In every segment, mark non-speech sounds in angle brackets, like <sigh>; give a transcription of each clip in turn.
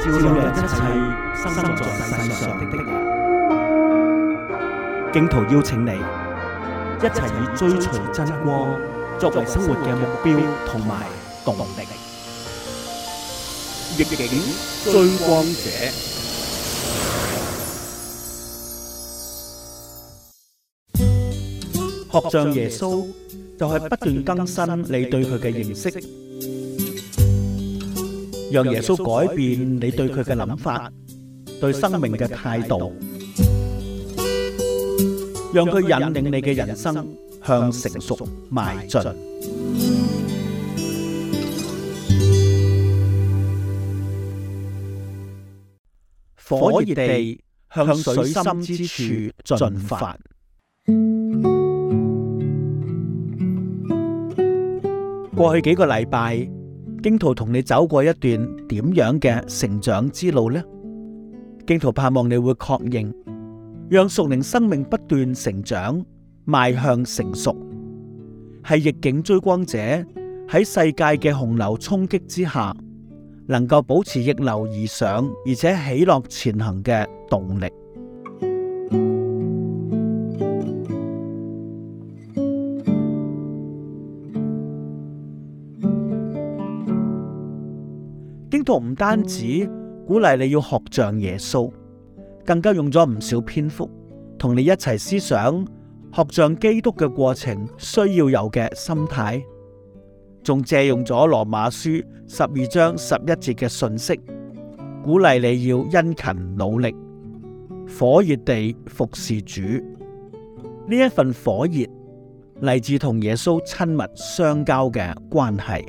照亮一切生在世上嘅人，荊徒邀請你一齊以追隨真光作為生活嘅目標同埋動力。逆境追光者，學像耶穌就係不斷更新你對佢嘅認識。讓耶穌改變你對佢嘅諗法，對生命嘅態度，讓佢引領你嘅人生向成熟邁進，火熱地向水深之處進發。過去幾個禮拜。荊徒同你走過一段點樣嘅成長之路呢？荊徒盼望你會確認，讓屬靈生命不斷成長，邁向成熟，係逆境追光者喺世界嘅洪流沖擊之下，能夠保持逆流而上，而且喜樂前行嘅動力。都唔單止鼓勵你要學像耶穌，更加用咗唔少篇幅同你一齊思想學像基督嘅過程需要有嘅心態，仲借用咗羅馬書十二章十一節嘅信息，鼓勵你要殷勤努力，火熱地服侍主。呢一份火熱嚟自，同耶穌親密相交嘅關係。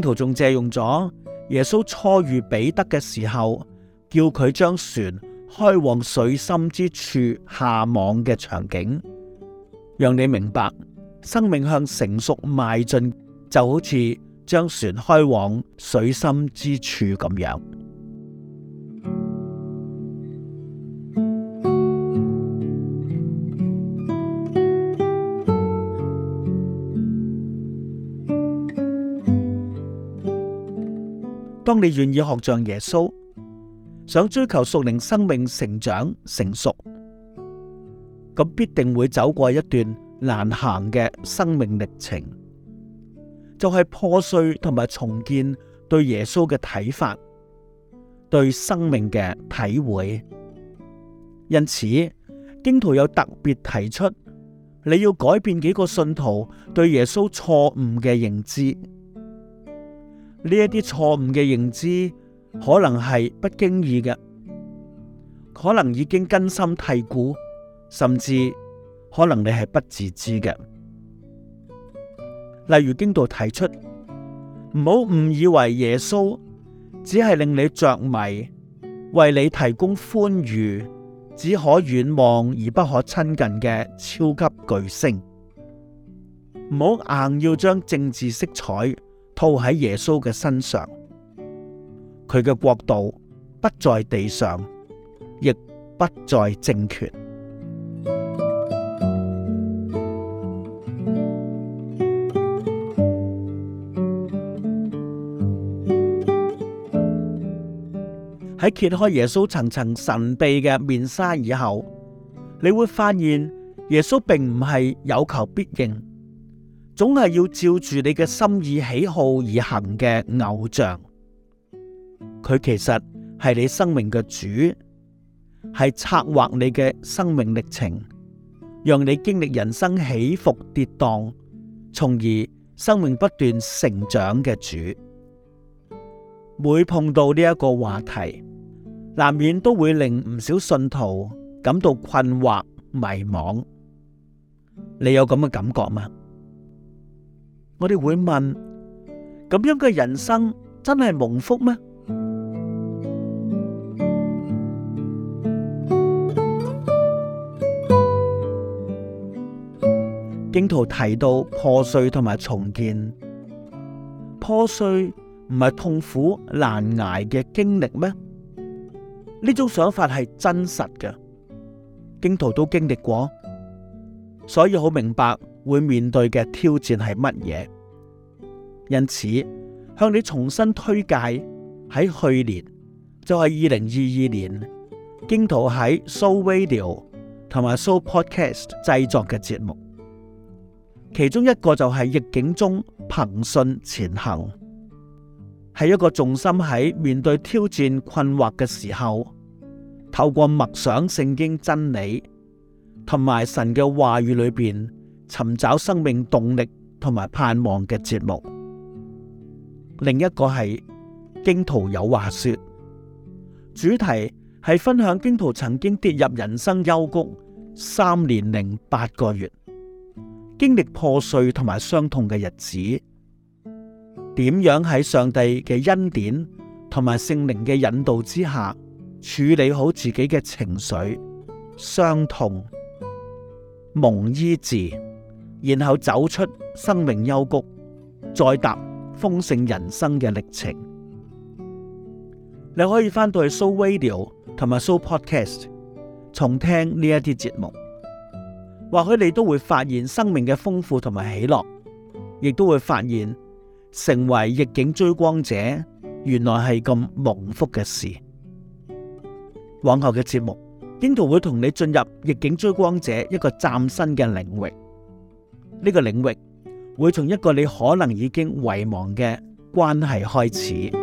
荊徒仲借用咗耶穌初遇彼得嘅時候，叫佢將船開往水深之處下網嘅場景，讓你明白生命向成熟邁進就好似將船開往水深之處咁樣。當你願意學像耶穌，想追求屬靈生命成長成熟，咁必定會走過一段難行嘅生命歷程，就係破碎同埋重建對耶穌嘅睇法，對生命嘅體會。因此，荊徒有特別提出，你要改變幾個信徒對耶穌錯誤嘅認知。呢一啲錯誤嘅認知，可能係不經意嘅，可能已經根深蒂固，甚至可能你係不自知嘅。例如經度荊徒提出，唔好誤以為耶穌只係令你着迷，為你提供歡愉，只可遠望而不可親近嘅超級巨星。唔好硬要將政治色彩，套喺耶穌嘅身上，佢嘅國度不在地上，亦不在政權。喺 <noise> 揭開耶穌層層層神秘嘅面紗以後，你會發現耶穌並唔係有求必應。總係要照住你嘅心意喜好而行嘅偶像，佢其實係你生命嘅主，係策劃你嘅生命歷程，讓你經歷人生起伏跌宕，從而生命不斷成長嘅主。每碰到呢一個話題，難免都會令唔少信徒感到困惑迷茫。你有咁嘅感覺嗎？我哋會問：咁樣嘅人生真係蒙福咩？荊徒提到破碎同埋重建，破碎唔係痛苦難捱嘅經歷咩？呢種想法係真實嘅，荊徒都經歷過，所以好明白會面對嘅挑戰係乜嘢。因此，向你重新推介喺去年就係二零二二年，荊徒喺 Show Radio 同埋 Show Podcast 製作嘅節目，其中一個就係逆境中憑信前行，係一個重心喺面對挑戰困惑嘅時候，透過默想聖經真理同埋神嘅話語裏邊尋找生命動力同埋盼望嘅節目。另一個係荊徒有話說，主題係分享荊徒曾經跌入人生幽谷三年零八個月，經歷破碎同埋傷痛嘅日子，點樣喺上帝嘅恩典同埋聖靈嘅引導之下處理好自己嘅情緒、傷痛、蒙醫治，然後走出生命幽谷，再答。豐盛人生嘅歷程，你可以翻到去 Soooradio 同埋 Sooopodcast，重聽呢一啲節目，或許你都會發現生命嘅豐富同埋喜樂，亦都會發現成為逆境追光者，原來係咁蒙福嘅事。往後嘅節目，荊徒會同你進入逆境追光者一個嶄新嘅領域，呢、這個領域。會從一個你可能已經遺忘嘅關係開始。